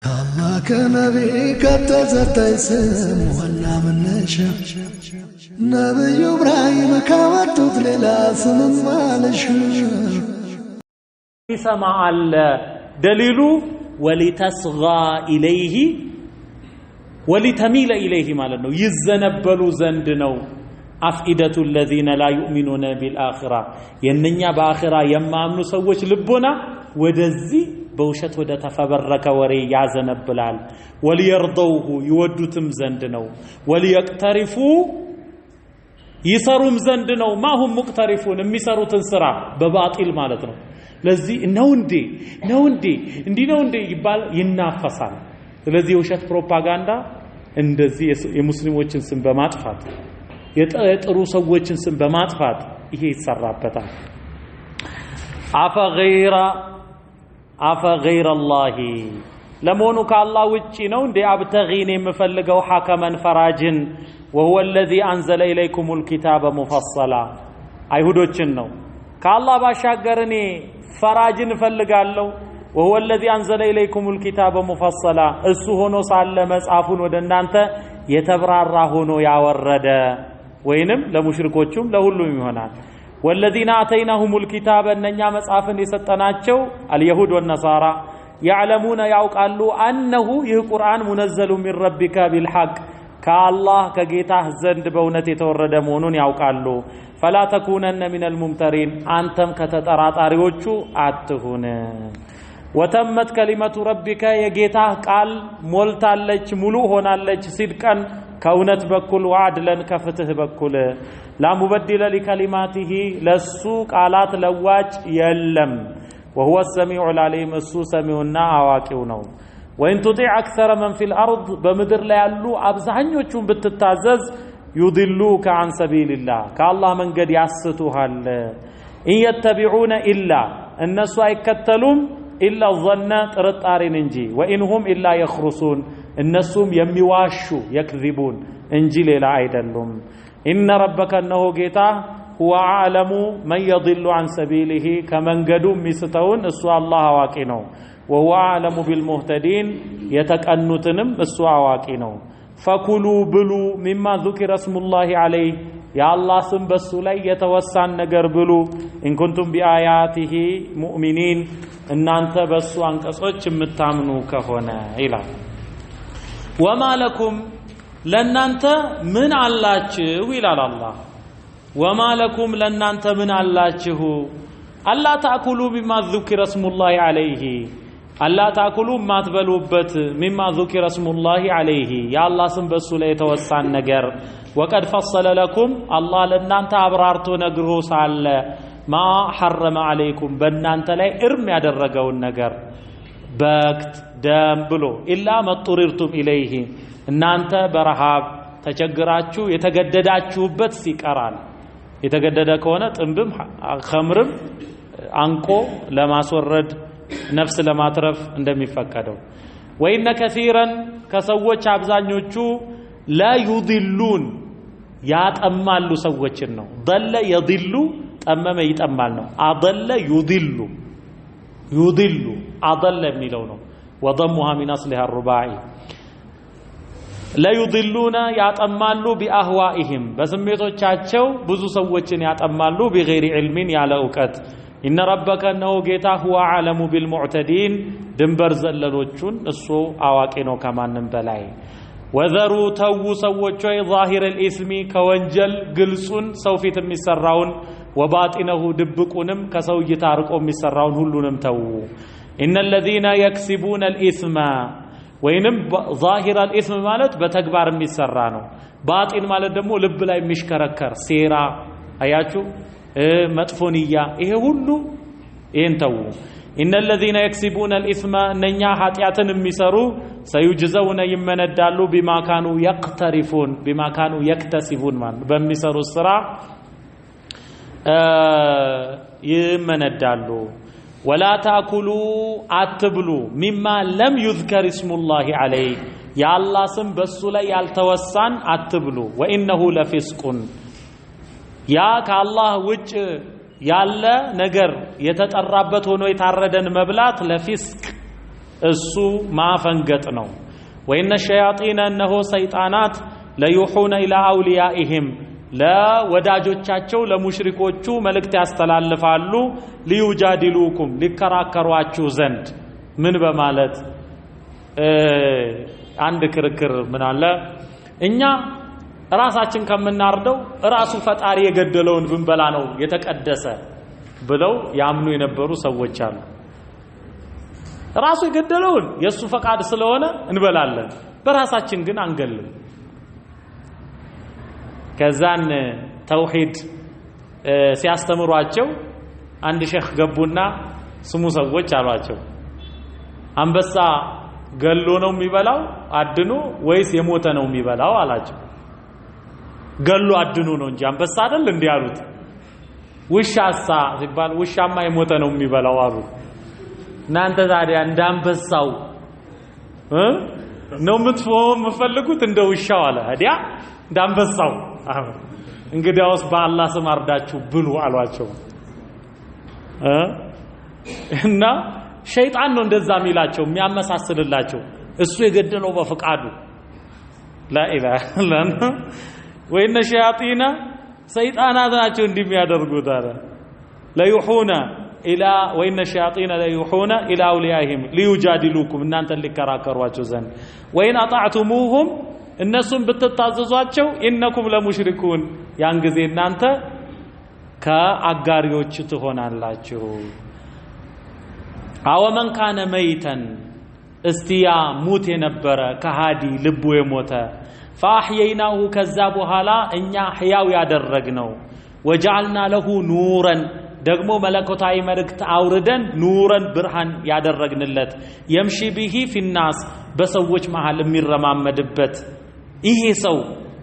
الله كنبيك تزتيس مهنا من نشا نبي إبراهيم كما تطلل أسن مالش يسمع دليل ولتصغى إليه ولتميل إليه ما ነው يزنبلو زندنو أفئدة الذين لا يؤمنون بالآخرة بآخرة يمّا የማምኑ سوّش لبّنا ودزّي በውሸት ወደ ተፈበረከ ወሬ ያዘነብላል። ወሊየርደውሁ ይወዱትም ዘንድ ነው። ወልየቅተሪፉ ይሰሩም ዘንድ ነው። ማሁም ሙቅተሪፉን የሚሰሩትን ስራ በባጢል ማለት ነው። ለዚህ ነው እንዴ ነው እንዴ እንዲህ ነው እንዴ ይባል ይናፈሳል። ስለዚህ የውሸት ፕሮፓጋንዳ እንደዚህ የሙስሊሞችን ስም በማጥፋት የጥሩ ሰዎችን ስም በማጥፋት ይሄ ይሰራበታል። አፈገይራ አፈ ገይረላሂ ለመሆኑ ከአላህ ውጪ ነው እንዴ አብተጊን የምፈልገው ሐከመን ፈራጅን ወሁወ ለዚ አንዘለ ኢለይኩሙል ኪታበ ሙፈሰላ አይሁዶችን ነው። ከአላህ ባሻገር እኔ ፈራጅን እፈልጋለሁ። ወሁወ ለዚ አንዘለ ኢለይኩሙል ኪታበ ሙፈሰላ እሱ ሆኖ ሳለ መጽሐፉን ወደ እናንተ የተብራራ ሆኖ ያወረደ ወይንም ለሙሽሪኮቹም ለሁሉም ይሆናል። ወለዚነ አተይናሁሙል ኪታበ እነኛ መጽሐፍን የሰጠናቸው አልየሁድ ወነሳራ ያዕለሙነ ያውቃሉ አነሁ ይህ ቁርአን ሙነዘሉ ሚን ረቢከ ቢልሐቅ ከአላህ ከጌታህ ዘንድ በእውነት የተወረደ መሆኑን ያውቃሉ። ፈላ ተኩነነ ሚነል ሙምተሪን አንተም ከተጠራጣሪዎቹ አትሁን። ወተመት ከሊመቱ ረቢከ የጌታህ ቃል ሞልታለች፣ ሙሉ ሆናለች ሲድቀን ከእውነት በኩል ወአድለን ከፍትህ በኩል ላሙበድለ ሊከሊማቲሂ ለሱ ቃላት ለዋጭ የለም። ወሁወ ሰሚዑ ልዓሊም እሱ ሰሚውና አዋቂው ነው። ወኢን ቱጢዕ አክሰረ መን ፊል አርድ በምድር ላይ ያሉ አብዛኞቹን ብትታዘዝ ዩድሉከ አን ሰቢልላህ ከአላህ መንገድ ያስቱሃል። ኢን የተቢዑነ ኢላ እነሱ አይከተሉም ኢላ ዘነ ጥርጣሬን እንጂ ወኢንሁም ኢላ የኽሩሱን እነሱም የሚዋሹ የክዚቡን እንጂ ሌላ አይደሉም። ኢነ ረበከ እነሆ ጌታ ሁወ አዕለሙ መን የድሉ አን ሰቢሊሂ ከመንገዱ የሚስተውን እሱ አላህ አዋቂ ነው። ወሁወ አዕለሙ ቢልሙህተዲን የተቀኑትንም እሱ አዋቂ ነው። ፈኩሉ ብሉ ሚማ ዙኪረ ስሙላሂ ዓለይህ የአላህ ስም በሱ ላይ የተወሳን ነገር ብሉ። ኢንኩንቱም ቢአያቲሂ ሙእሚኒን እናንተ በሱ አንቀጾች የምታምኑ ከሆነ ይላል። ወማለኩም ለኩም ለእናንተ ምን አላችሁ ይላል አላህ። ወማለኩም ለኩም ለእናንተ ምን አላችሁ አላ ታእኩሉ ሚማ ዙኪረ ስሙላሂ አለይሂ አላ ታእኩሉ የማትበሉበት ሚማ ዙኪረ ስሙላሂ አለይሂ የአላህ ስም በእሱ ላይ የተወሳን ነገር ወቀድ ፈሰለ ለኩም አላህ ለእናንተ አብራርቶ ነግሮ ሳለ ማ ሐረመ አለይኩም በእናንተ ላይ እርም ያደረገውን ነገር በክት ደም ብሎ ኢላ መጡሪርቱም ኢለይህ እናንተ በረሃብ ተቸግራችሁ የተገደዳችሁበት ሲቀራል። የተገደደ ከሆነ ጥንብም ከምርም አንቆ ለማስወረድ ነፍስ ለማትረፍ እንደሚፈቀደው ወኢነ ከሲረን ከሰዎች አብዛኞቹ ለዩድሉን ያጠማሉ ሰዎችን ነው። ደለ የድሉ ጠመመ ይጠማል ነው። አደለ ዩድሉ ዩድሉ አደለ የሚለው ነው وضمها من أصلها الرباعي لا يضلون يعتمالو بأهوائهم بس ميتو تشاتشو بزو سووچن يعتمالو بغير علم يا لوكات إن ربك أنه جيتا هو عالم بالمعتدين دنبر زللوچون نسو أواكينو كمان نمبلاي وذروا تو سووچو ظاهر الإثم كونجل قلسون سوفيت مسرعون وباطنه دبقونم كسو يتارقو مسرعون هلونم تووو ኢነ ለዚነ የክሲቡነ ልኢስመ ወይንም ዛሂራ ልኢስም ማለት በተግባር የሚሰራ ነው። ባጢን ማለት ደግሞ ልብ ላይ የሚሽከረከር ሴራ፣ አያችሁ መጥፎንያ። ይሄ ሁሉ ይህን ተዉ። ኢነ ለዚነ የክሲቡነ ልኢስመ እነኛ ኃጢአትን የሚሰሩ ሰዩጅዘውነ ይመነዳሉ። ቢማካኑ የቅተሪፉን ቢማካኑ የክተሲቡን ማለት በሚሰሩት ስራ ይመነዳሉ። ولا تاكلوا اتبلوا مما لم يذكر اسم الله عليه يا الله سم بسو لا يالتوسان اتبلوا وانه لفسق يا كالله وجه يالا نجر يتطربت هو يتاردن مبلات لفسق እሱ ማፈንገጥ ነው ወይነ ሸያጢን እነሆ ሰይጣናት ለዩሑነ ኢላ አውልያኢህም ለወዳጆቻቸው ለሙሽሪኮቹ መልእክት ያስተላልፋሉ። ሊዩጃዲሉኩም ሊከራከሯችሁ ዘንድ ምን በማለት አንድ ክርክር ምን አለ እኛ ራሳችን ከምናርደው ራሱ ፈጣሪ የገደለውን ብንበላ ነው የተቀደሰ ብለው ያምኑ የነበሩ ሰዎች አሉ። ራሱ የገደለውን የእሱ ፈቃድ ስለሆነ እንበላለን፣ በራሳችን ግን አንገልም። ከዛን ተውሂድ ሲያስተምሯቸው አንድ ሼህ ገቡና ስሙ ሰዎች አሏቸው አንበሳ ገሎ ነው የሚበላው አድኖ ወይስ የሞተ ነው የሚበላው አላቸው ገሎ አድኖ ነው እንጂ አንበሳ አይደል እንዲህ አሉት ውሻሳ ሲባል ውሻማ የሞተ ነው የሚበላው አሉት እናንተ ታዲያ እንደ አንበሳው ነው የምትፈልጉት እንደ ውሻው አለ ታዲያ እንደ አንበሳው አህመድ እንግዲያውስ በአላህ ስም አርዳችሁ ብሉ አሏቸው እና ሸይጣን ነው እንደዛ የሚላቸው የሚያመሳስልላቸው እሱ የገደለው በፍቃዱ ላኢላህ ላን ወይነ ሸያጢነ ሰይጣናት ናቸው እንዲህ የሚያደርጉት አለ ለዩሑነ ኢላ ወኢነ ሸያጢነ ለዩሑነ ኢላ አውሊያሂም ሊዩጃዲሉኩም እናንተን ሊከራከሯቸው ዘንድ ወይን አጣዕቱሙሁም እነሱን ብትታዘዟቸው ኢነኩም ለሙሽሪኩን ያን ጊዜ እናንተ ከአጋሪዎች ትሆናላችሁ። አወመን ካነ መይተን እስቲያ ሙት የነበረ ከሃዲ ልቡ የሞተ ፈአሕየይናሁ ከዛ በኋላ እኛ ሕያው ያደረግነው ወጃልና ለሁ ኑረን ደግሞ መለኮታዊ መልእክት አውርደን ኑረን ብርሃን ያደረግንለት የምሺ ቢሂ ፊናስ በሰዎች መሃል የሚረማመድበት ይሄ ሰው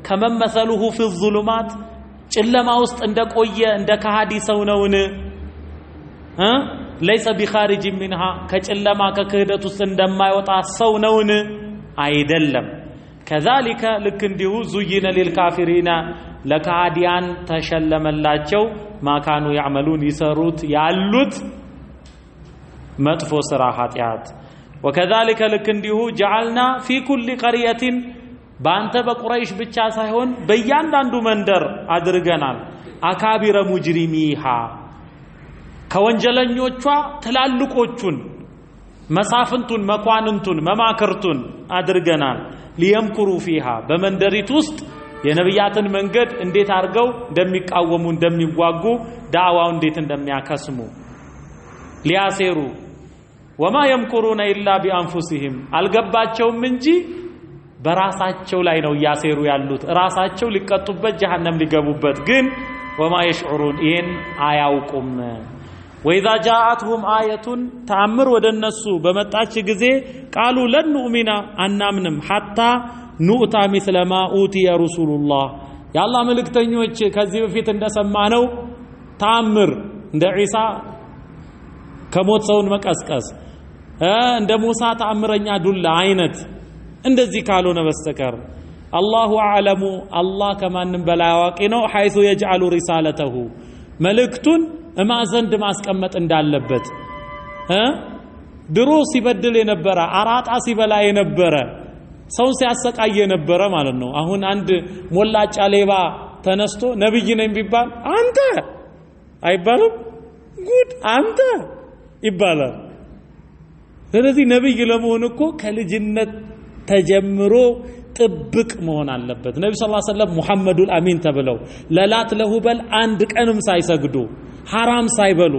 ከመመሰሉሁ ፊ ዙሉማት ጨለማ ውስጥ እንደቆየ እንደ ከሃዲ ሰው ነውን እ ለይሰ ቢኻሪጅ ሚንሃ ከጨለማ ከክህደት ውስጥ እንደማይወጣ ሰው ነውን አይደለም ከዛሊከ ልክ እንዲሁ ዙይነ ሊልካፊሪና ለከሃዲያን ተሸለመላቸው ማካኑ ያዕመሉን ይሰሩት ያሉት መጥፎ ስራ ኃጢአት ወከዛሊከ ልክ እንዲሁ ጀዓልና ፊ ኩሊ ቀርየትን በአንተ በቁረይሽ ብቻ ሳይሆን በእያንዳንዱ መንደር አድርገናል። አካቢረ ሙጅሪሚሃ ከወንጀለኞቿ ትላልቆቹን መሳፍንቱን፣ መኳንንቱን፣ መማክርቱን አድርገናል። ሊየምኩሩ ፊሃ በመንደሪት ውስጥ የነቢያትን መንገድ እንዴት አድርገው እንደሚቃወሙ እንደሚዋጉ፣ ዳዕዋው እንዴት እንደሚያከስሙ ሊያሴሩ ወማ የምኩሩነ ኢላ ቢአንፉሲሂም አልገባቸውም እንጂ በራሳቸው ላይ ነው እያሴሩ ያሉት። ራሳቸው ሊቀጡበት ጀሀነም ሊገቡበት፣ ግን ወማ የሽዑሩን ይህን አያውቁም። ወኢዛ ጃአትሁም አየቱን ተአምር ወደ እነሱ በመጣች ጊዜ ቃሉ ለን ኑእሚና አናምንም፣ ሐታ ኑእታ ሚስለማ ኡቲየ ረሱሉላህ የአላ መልእክተኞች ከዚህ በፊት እንደሰማነው ተአምር እንደ ዒሳ ከሞት ሰውን መቀስቀስ እንደ ሙሳ ተአምረኛ ዱላ አይነት እንደዚህ ካልሆነ በስተቀር አላሁ አዕለሙ አላህ ከማንም በላይ አዋቂ ነው። ሐይቱ የጅዓሉ ሪሳለተሁ መልእክቱን እማ ዘንድ ማስቀመጥ እንዳለበት ድሮ ሲበድል የነበረ አራጣ ሲበላ የነበረ ሰውን ሲያሰቃይ የነበረ ማለት ነው። አሁን አንድ ሞላጫ ሌባ ተነስቶ ነብይ ነኝ ቢባል አንተ አይባልም፣ ጉድ አንተ ይባላል። ስለዚህ ነብይ ለመሆን እኮ ከልጅነት ተጀምሮ ጥብቅ መሆን አለበት። ነቢ ስ ሰለም ሙሐመዱል አሚን ተብለው ለላት ለሁበል አንድ ቀንም ሳይሰግዱ ሐራም ሳይበሉ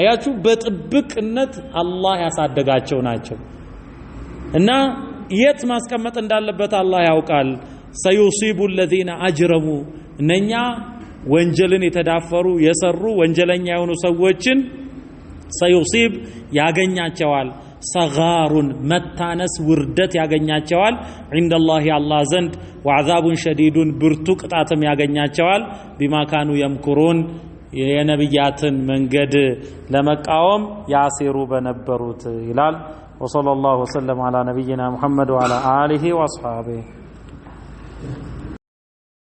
አያችሁ፣ በጥብቅነት አላህ ያሳደጋቸው ናቸው እና የት ማስቀመጥ እንዳለበት አላህ ያውቃል። ሰዩሲቡ ለዚነ አጅረሙ እነኛ ወንጀልን የተዳፈሩ የሰሩ ወንጀለኛ የሆኑ ሰዎችን ሰዩሲብ ያገኛቸዋል። ሰጋሩን መታነስ ውርደት ያገኛቸዋል። ዒንደላሂ አላህ ዘንድ ወዓዛቡን ሸዲዱን ብርቱ ቅጣትም ያገኛቸዋል። ቢማካኑ ካኑ የምኩሩን የነቢያትን መንገድ ለመቃወም ያሴሩ በነበሩት ይላል። ወሰለላሁ ወሰለም ዓላ ነቢይና ሙሐመድ ወዓላ አሊሂ ወአስሓቢህ